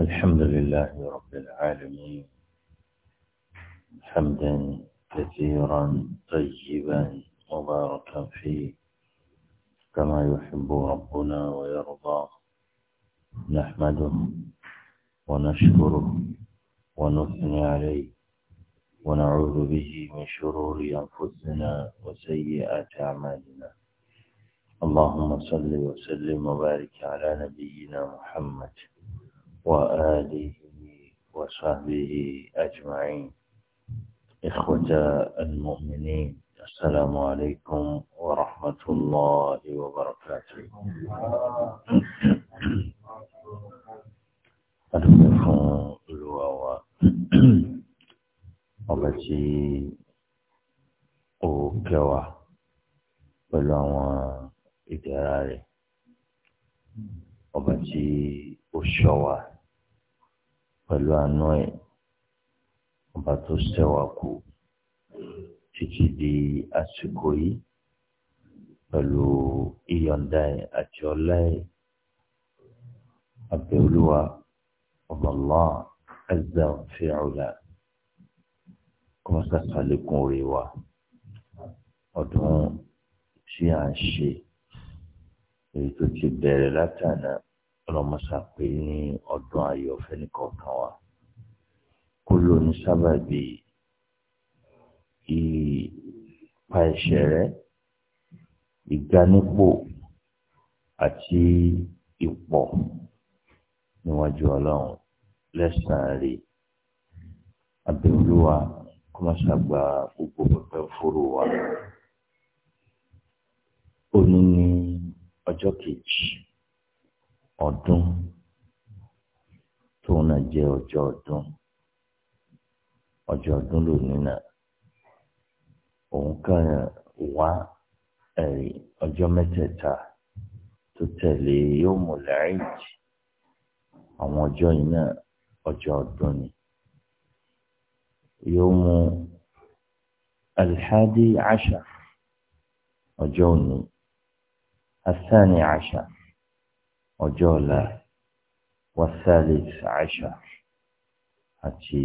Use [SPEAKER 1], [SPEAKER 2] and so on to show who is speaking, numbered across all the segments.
[SPEAKER 1] الحمد لله رب العالمين حمدا كثيرا طيبا مباركا فيه كما يحب ربنا ويرضى نحمده ونشكره ونثني عليه ونعوذ به من شرور أنفسنا وسيئات أعمالنا اللهم صل وسلم وبارك على نبينا محمد وآله وصحبه أجمعين إخوة المؤمنين السلام عليكم ورحمة الله وبركاته أدفع الواوى التي أوكوا بلوى إدراري ọba tí ó ṣọ́ wa pẹ̀lú àánú ẹ̀ ọba tó ṣẹ́wà kù títí di àsìkò yìí pẹ̀lú ìyọ̀ǹda ẹ̀ àti ọlá ẹ̀ abẹ́olúwa ọba Allah azza fi ọ̀la kọ́mọ́sá sálẹ̀kùn orí wa ọdún tí a ń ṣe èyí tó ti bẹ̀rẹ̀ látànà ọlọ́mọṣà pé ní ọdún ayọ̀ fẹ́nìkọ̀ọ̀kan wa kó ló ní sábàbí ìpa ẹ̀ṣẹ̀ rẹ ìgbanípò àti ipò níwájú ọlọ́run lẹ́sàn-án rè abẹ́olúwa kó má ṣàgbà gbogbo pẹpẹ fúru wa. Òní ni ọjọ́ kejì. ọdún tó náà jẹ́ ọjọ́ ọdún ọjọ́ ọdún lónìí náà òun kàn wá ẹ̀rí ọjọ́ mẹ́tẹ̀ẹ̀ta tó tẹ̀lé yóò mú làríjì àwọn ọjọ́ yìí náà ọjọ́ ọdún ni yóò mú alhadi àṣà ọjọ́ òní asani àṣà. ọjọ́ ọ̀la wasalis aisha àti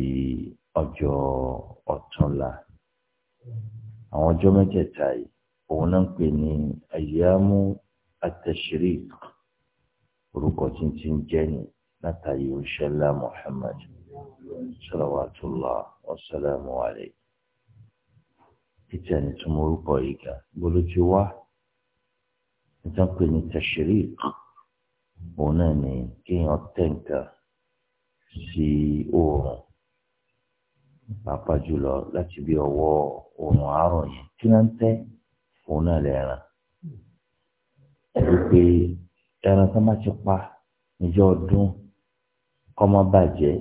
[SPEAKER 1] ọjọ́ ọ̀túnla àwọn ọjọ́ mẹ́tẹ̀ẹ̀ta yìí òun náà ń pè ní ayyamu at-tashriq orúkọ tí ń ti ń jẹ́ ni látàrí òṣèlá Muhammad salawatullah wasalamu alayhi ìtẹ̀nìtúmọ̀ orúkọ yìí ga gbọ́dọ̀ ti wá nítorí pé ní tashriq òun náà ni kéèyàn tẹ̀ nǹkan sí oòrùn pàápàá jùlọ láti bí ọwọ́ oòrùn àárọ̀ yẹn tí wọ́n ń tẹ́ òun náà lẹ́ran ẹ̀rí pé ẹran tó má ti pa níjọ́ ọdún kọ́ má bàjẹ́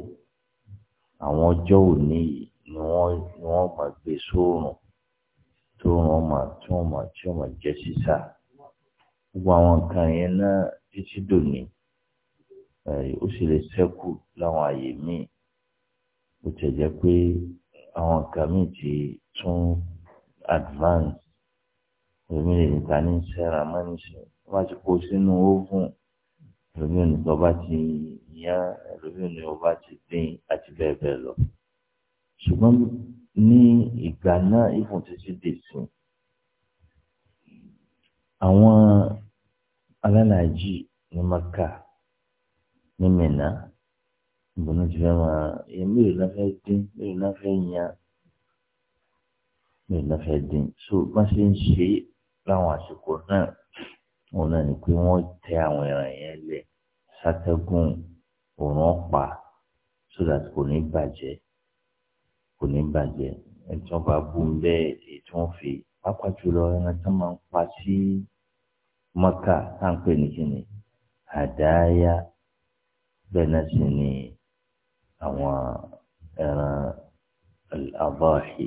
[SPEAKER 1] àwọn ọjọ́ òní ni wọ́n ni wọ́n máa gbé sóòrùn tó wọ́n máa tí wọ́n máa tí wọ́n máa jẹ́ sísá gbogbo àwọn nǹkan yẹn náà títí dòní eh, ó sì lè ṣẹ́kù láwọn àyè míì ó tẹ̀ jẹ́ pé àwọn nǹkan míì ti tún advance èmi lè níta ní sẹ́ra mọ́nìṣẹ́ wọ́n ti kó sínú oven èmi ò ní tó bá ti yán èmi ò ní tó bá ti dín àti bẹ́ẹ̀ bẹ́ẹ̀ lọ ṣùgbọ́n ní ìgbà náà ìfún títí dè sí àwọn alálàájì ní maka ní mìnà ìbùnú ti fẹ́ máa èmi ò náà fẹ́ dín mi ò náà fẹ́ yan mi ò náà fẹ́ dín so bá ṣe ń ṣe láwọn àsìkò náà òun náà ni pé wọ́n tẹ àwọn ìran yẹn lẹ̀ sátẹ́gùn òun ọ̀pá so that kò ní bàjẹ́ kò ní bàjẹ́ ẹ̀tọ́ bá bú bẹ́ẹ̀ èyí tí wọ́n fi pápá jùlọ ẹran tó máa ń pa sí. Si, mọ́kà tá ń pè ní kíni àdáyá bẹ́ẹ̀ náà sì ni àwọn ẹran àbáhì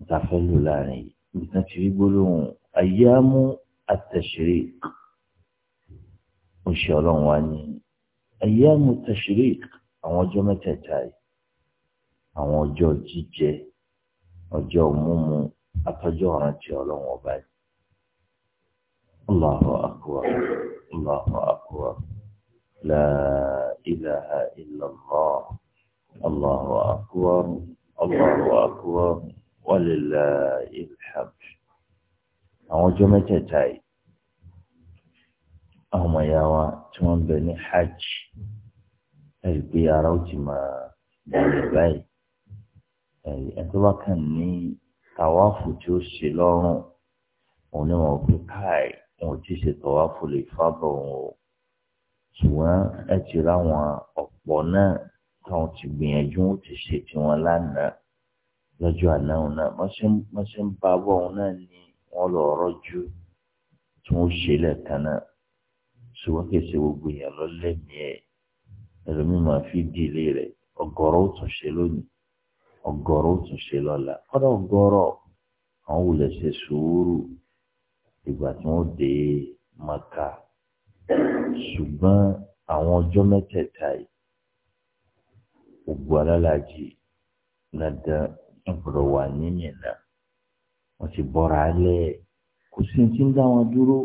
[SPEAKER 1] ìtafẹ́lù láàrin yìí ibi tán ti rí gbólóhùn àyámú at-tashriq oṣù ọlọ́run wa ní àyámú at-tashriq àwọn ọjọ́ mẹ́tẹ̀ẹ̀ta yìí àwọn ọjọ́ jíjẹ ọjọ́ mímu الله أكبر الله أكبر لا إله إلا الله الله أكبر الله أكبر ولله الحمد àwọn ọjọ́ mẹ́tẹ̀ẹ̀ta yìí àwọn ọmọ ìyá wa tí wọ́n ń bẹ ní hajj ẹ̀rí pé ara ó ti máa bẹ̀rẹ̀ báyìí ẹ̀tọ́ bá kàn ní tàwáfù tí ó ṣe lọ́rùn òun ni wọ́n fi káàyè wọn ò ti ṣe tọ́wáfù lè fábọ̀ wọn o ṣùgbọ́n ẹ ti ráwọn ọ̀pọ̀ náà táwọn ti gbìyànjú wọn ti ṣe tiwọn lánàá lọ́jọ́ àná òun náà wọ́n ṣe ń ba bọ́ òun náà ni wọ́n lọ rọ́jú tí wọ́n ṣe lẹ́ẹ̀kan náà ṣùgbọ́n kì í ṣe gbogbo èèyàn lọ lẹ́mìí ẹ̀ ẹlòmíì máa fi dì ilé rẹ̀ ọ̀gọ̀rọ̀ ó tún ṣe lónìí ọ̀gọ̀rọ̀ ó tún ṣe lọ́la kọ́dọ̀ ọ̀gọ̀rọ̀ àwọn wulẹ̀ ṣe sùúrù ìgbà tí wọ́n dé maka ṣùgbọ́n àwọn ọjọ mẹ́tẹ̀ẹ̀ta yìí gbogbo alálàájì nàdá ọ̀gbọ̀rọ̀ wà níyìnà wọ́n ti bọ́ra lẹ̀ kò sí ti ń dá wọn dúró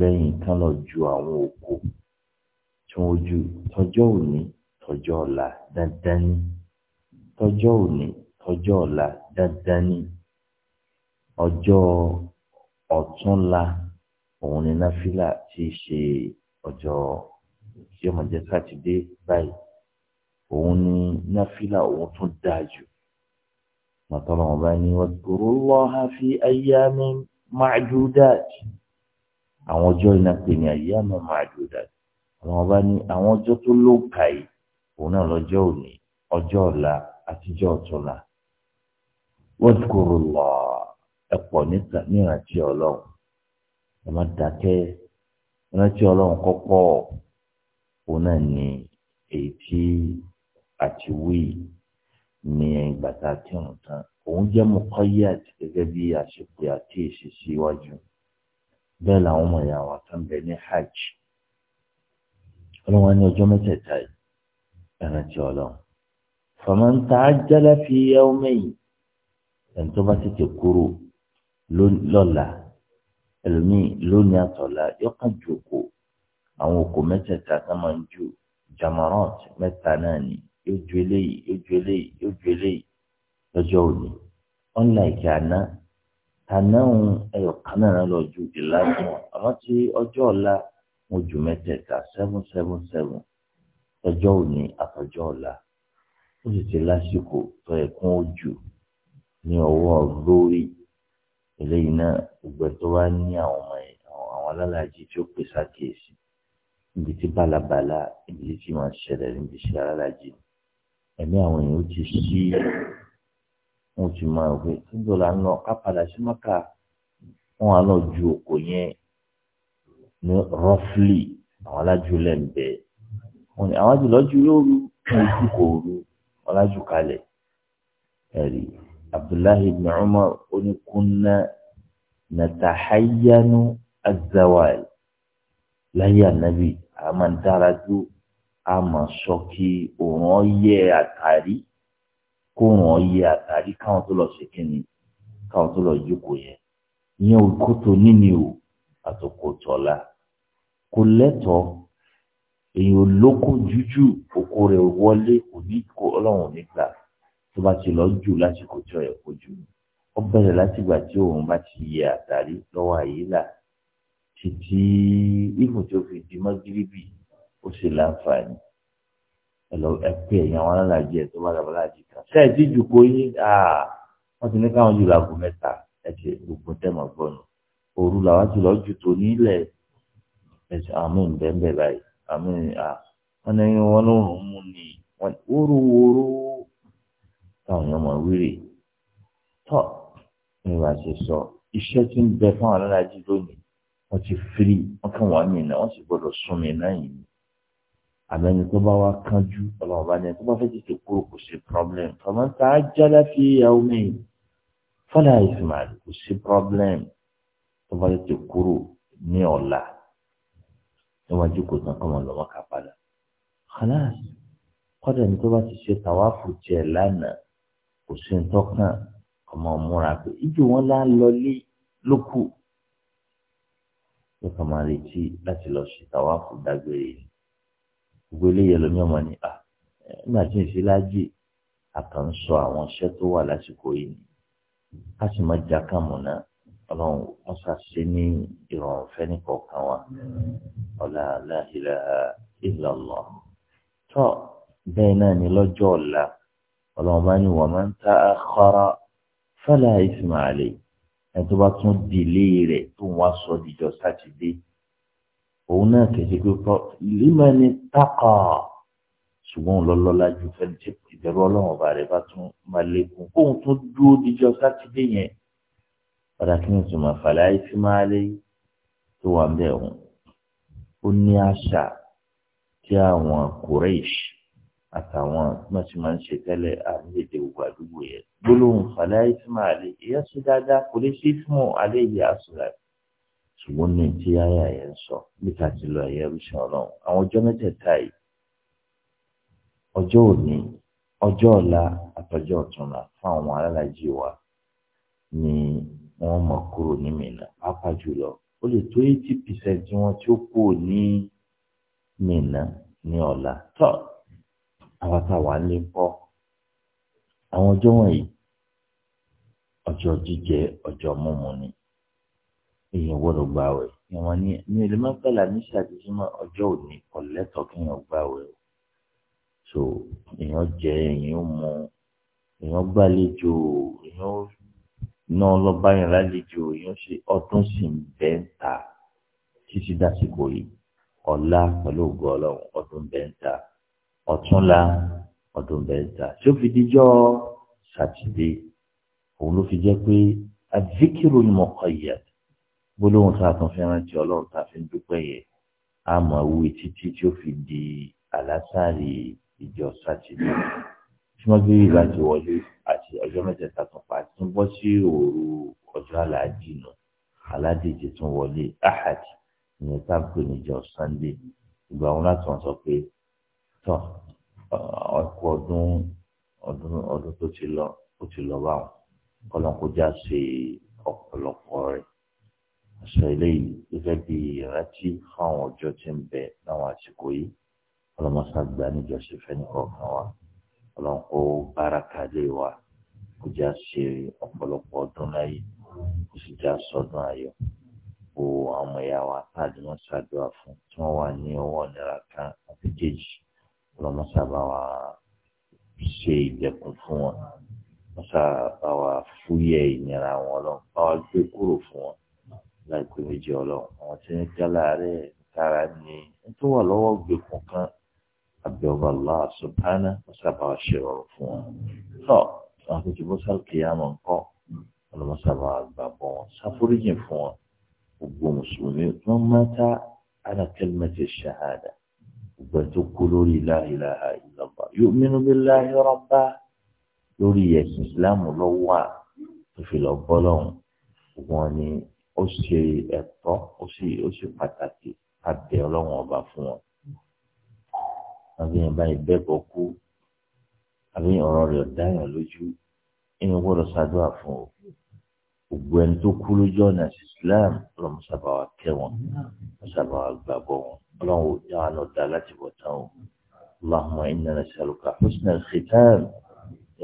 [SPEAKER 1] lẹ́yìn kan lọ ju àwọn òkú tí wọ́n ju òní dandan ni òní ọ̀túnla òun ni náfìlà ti ṣe ọjọ́ tí ó máa jẹ́ sátidé báyìí òun ni náfìlà òun tún dáa jù màtọ́lọ́ wọn bá ní wadhkurullaha fi ayyamin ma'dudat àwọn ọjọ́ iná pè ní ayyamin ma'dudat àwọn ọba ní àwọn ọjọ́ tó ló ń yìí òun náà lọ́jọ́ òní ọjọ́ ọ̀la àtijọ́ ọ̀túnla wadhkurullaha ẹ pọ̀ ní ìrántí ọlọ́run ẹ má dákẹ́ ìrántí ọlọ́run kọ́kọ́ òun náà ni èyí tí àti wí ní ìgbà tá a ti rùn tán òun jẹ́ mọ̀kọ́yé àti gẹ́gẹ́ bí àṣepè àti síwájú bẹ́ẹ̀ làwọn ọmọ ìyá wa tó bẹ ní hajj ọlọ́run ní ọjọ́ mẹ́tẹ̀ẹ̀ta ìrántí ọlọ́run faman ta'ajjala fi yawmayn ẹni tó bá tètè kúrò lọ́la ẹlòmíì lónìí àtọ̀la yóò kàn ju òkò àwọn òkò mẹ́tẹ̀ẹ̀ta tá máa ń ju jamarot mẹ́ta náà ni yóò ju eléyìí yóò ju eléyìí yóò ju eléyìí lọ́jọ́ òní unlike àná àná òun ẹyọ kan náà lọ ju ìlànà àmọ́ tí ọjọ́ ọ̀la mo ju mẹ́tẹ̀ẹ̀ta seven seven seven ọjọ́ òní àtọjọ́ ọ̀la ó sì ti lásìkò tó ẹ̀kún ojú ní ọwọ́ lórí eléyìí náà gbogbo ẹ̀ tó wá ní àwọn ọmọ ẹ̀ àwọn alálàájì tí ó pè sákèésì níbi tí bálabàla níbi tí wọ́n ṣẹlẹ̀ níbi iṣẹ́ alálàájì ẹ̀mí àwọn èèyàn ó ti ṣí wọ́n ti máa wẹ̀ tí dọ́là ń lọ ká padà sí mọ́kà wọ́n á lọ ju òkò yẹn ní rọ́fìlì àwọn alájú lẹ́ǹbẹ̀ wọ́n ní àwọn àjùlọ́jú lóru wọ́n ti kò rú ọlájú kalẹ̀ ẹ̀rí abdullahi ibn umar oníkunna nàtàhayánu azawal láyé ànábì a máa ń dára ju a máa sọ kí òun ọyẹ àtàrí kó òun ọyẹ àtàrí káwọn tó lọ ṣe kíni káwọn tó lọ jókòó yẹn ìyẹn olùkótó níní o àtòkò tọ́lá kò lẹ́tọ̀ọ́ èèyàn lóko jújù òkú rẹ̀ wọlé kò ọlọ́run nígbà tó bá ti lọ jù lásìkò tí ọ̀yẹ̀ kó jù ó bẹ̀rẹ̀ látìgbà tí òun bá ti yẹ àtàrí lọ́wọ́ àyílà títí ìfún tí ó fi di mọ́gíríbì ó sì láǹfààní ẹ̀lọ́ ẹ̀pẹ́ ẹ̀yìn àwọn alálàájì ẹ̀ tó bá dàbọ̀ láàjì kan ṣe é ti jù kó yín wọ́n ti ní káwọn jù láago mẹ́ta ẹ̀jẹ̀ gbogbo tẹ̀mọ̀ gbọ́nù òru làwọn ti lọ́ọ́ jù tó nílẹ̀ ẹ̀sìn àmì ìbẹ́ńbẹ́ báyìí àmì à wọ́n ní wọ́n lóorùn mú ni wọ́n wóró wóró táwọn èèyàn mọ̀ wíìrì tọ́ ní wàá ṣe sọ iṣẹ́ tí ń bẹ fáwọn aláàjì lónìí wọ́n ti firi wọ́n kàn wá mìíràn wọ́n sì gbọ́dọ̀ sún mi náà yìí àmọ́ tó bá wá kánjú ọlọ́run bá ní ẹni tó bá fẹ́ tètè kúrò kò sí problem fọmọ́ tá a jálá fi ìyàwó mẹ́yìn fọ́dà ìsìnmáàlì kò sí problem tó bá tètè kúrò ní ọ̀la níwájú kò tán kọ́mọ lọ́mọ ká padà. kọ́dà ẹni tó bá ti ṣe tàwáfù tiẹ̀ lánàá kò sí ntọ́kàn ọmọ múra pé ijó wọn lá ń lọlé lókù ó kàn máa retí láti lọ sí tàwáfù dágbére yìí gbogbo eléyìí ẹlòmí ọmọ ni à ah, nígbà tí èsì lájì àkàn ń sọ àwọn iṣẹ́ tó wà lásìkò yìí ká sì má já kàmù náà ọlọ́run ṣàṣe ní ìrọ̀rùn fẹ́ nìkọ̀ọ̀kan wa ọ̀la la ilaha tó bẹ́ẹ̀ náà ni lọ́jọ́ ọ̀la ọlọ́run bá ní wọ́n máa ń ta àkọ́rọ́ fẹ́lá ìsìmáàlì ẹni tó bá tún dìlé rẹ̀ tó ń wá sọ dìjọ sátidé òun náà kẹsí pé kọ́ lima ni tákà ṣùgbọ́n lọ́lọ́lá ju fẹ́ni tí ìbẹ̀rù ọlọ́run rẹ̀ bá tún máa lékún kóun tún dúró dìjọ sátidé yẹn padà kí ni ìtumọ̀ fẹ́lá ìsìmáàlì tó wà ń bẹ̀ òun ó ní àṣà tí àwọn Quraysh àtàwọn wọ́n ti máa ń ṣe tẹ́lẹ̀ àmìlẹ̀dẹ̀ òwò àdúgbò yẹn gbólóhùn fàlàyé tí máa lè yẹ sí dáadáa kò lè ṣe fún ọ alẹ́ yìí àṣùlá ṣùgbọ́n ní ti ayà yẹn ń sọ níta ti lọ ẹ̀yẹ oríṣi ọlọ́run àwọn ọjọ́ mẹ́tẹ̀ẹ̀ta yìí ọjọ́ òní ọjọ́ ọ̀la àtọjọ́ ọ̀túnla fún àwọn alálàájì wa ni wọ́n mọ̀ kúrò ní Mínà pàápàá jùlọ ó lè tó eighty percent wọn ní ọ̀la tọ́ọ̀ àwọn táwa ń lé bọ́ àwọn ọjọ́ wọ̀nyí ọjọ́ jíjẹ ọjọ́ mímu ni èèyàn gbọ́dọ̀ gba àwẹ̀ ìwọ̀n ni ní ilé mọ́kànlá ní sàdéjúmọ́ ọjọ́ òní ọ̀lẹ́tọ̀ kéèyàn gba àwẹ̀ o so èèyàn jẹ èèyàn mu èèyàn gbàlejò èèyàn ná ọlọ́ba yẹn lálejò èèyàn ṣe ọdún sì ń bẹ́ ń ta títí dásìkò yìí ọ̀la pẹ̀lú ògo ọlọ́run ọdún bẹ́ ń ta ọ̀túnla ọ̀dọ̀ bẹ̀ẹ́ta tí ó fi díjọ́ sátidé òun ló fi jẹ́ pé azikiru muqayyad gbólóhùn tá a tún fẹ́ràn tí ọlọ́run tá a fi ń dúpẹ́ yẹ a mọ̀ wí títí tí ó fi di àlásàrì ìjọ sátidé tí wọ́n gbé ìlà ti wọlé àti ọjọ́ mẹ́tẹ̀ẹ̀ta tó pa tí wọ́n bọ́ sí òru ọjọ́ aláàjì nù aládìjì tún wọlé ahad ìyẹn tá a níjọ sunday ìgbà wọn láti wọn sọ pé tọ́ ọkọ̀ ọdún ọdún ọdún tó ti lọ ó ti lọ báwọn kọ́lọ́n kó já sí ọ̀pọ̀lọpọ̀ rẹ̀ aṣọ eléyìí gẹ́gẹ́ bí ìrántí fáwọn ọjọ́ tí ń bẹ láwọn àsìkò yìí ọlọ́mọṣàgbà níjọsìn fẹ́ni kọ̀ọ̀kan wa ọlọ́run kó wa kó já ṣe ọ̀pọ̀lọpọ̀ ọdún láyé kó sì já sọdún ayọ̀ kó àwọn ẹ̀yà wa táàdì wọn ṣàdúrà bá wa ṣe ìdẹ̀kùn fún wọn wọ́n sá bá wa fúyẹ́ ìnira wọn lọ bá wa gbé kúrò fún wọn láìpẹ́ méjì ọlọ́run àwọn tí wọ́n já láàárẹ̀ kára ni tó wà lọ́wọ́ gbẹ̀kùn kan àbí ọba Allah subhanahu wọ́n sá bá wa ṣe ọ̀rọ̀ fún wọn. tọ́ àwọn tó ti bọ́ sálùkìyàmọ̀ ńkọ́ ọlọ́mọsábà àgbà bọ̀ wọn sáforíjì fún wọn gbogbo mùsùlùmí wọn máa ta ana kalimati shahada ìgbà tó kú lórí la ilaha illallah yu'minu billahi rabba lórí ẹ̀sìn ìsìláàmù lọ́wọ́ à tó fi lọ bọ́ lọ́hùn wọn ni ó ṣe ẹ̀tọ́ ó sì ó sì pàtàkì àbẹ̀ ọlọ́run ọba fún wọn. àbí báyìí bẹ́ẹ̀ kú àbí ọ̀rọ̀ rẹ̀ dáyàn lójú ẹni gbọ́dọ̀ ṣàdúrà fún o gbogbo ẹni tó kú lójú ọ̀nà ìsìláàmù lọ́mọ sábà wa kẹ́ lọ́mọ sábà wa gbàgbọ́ wọn. ọlọ́run ní àánú بوتاو اللهم إنا نسألك حسن الختام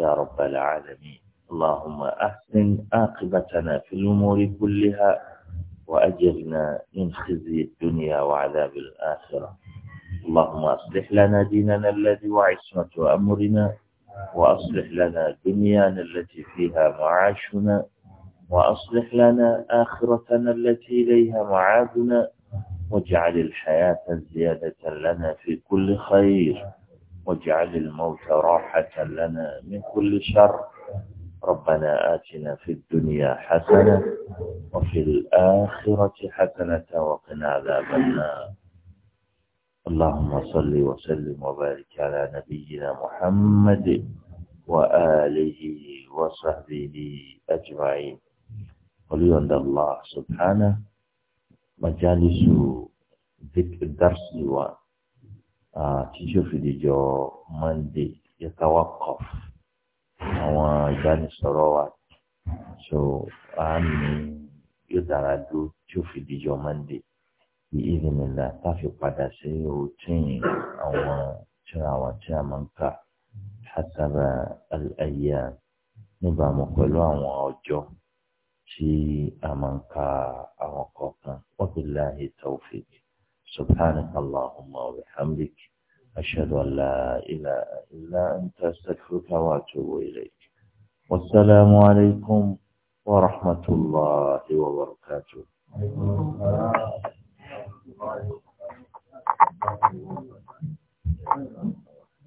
[SPEAKER 1] يا رب العالمين اللهم أحسن عاقبتنا في الأمور كلها وأجرنا من خزي الدنيا وعذاب الآخرة اللهم أصلح لنا ديننا الذي وعصمة أمرنا وأصلح لنا دنيانا التي فيها معاشنا وأصلح لنا آخرتنا التي إليها معادنا واجعل الحياة زيادة لنا في كل خير واجعل الموت راحة لنا من كل شر ربنا آتنا في الدنيا حسنة وفي الآخرة حسنة وقنا عذاب النار اللهم صل وسلم وبارك على نبينا محمد وآله وصحبه أجمعين وليند الله سبحانه majalisu darsi wa tí yóò fi di jọ monday yẹtawa kọf àwọn ìbánisọ̀rọ̀ wa so a ní yóò dára dúró mandi di jọ monday bí ìdìmìlà táfi padà sí rotini àwọn tí àwọn al-ayyam níbàámu pẹ̀lú àwọn ọjọ́. في أمنك أوقفنا وبالله توفيق سبحانك اللهم وبحمدك أشهد أن لا إله إلا أنت أستغفرك وأتوب إليك والسلام عليكم ورحمة الله وبركاته Thank you.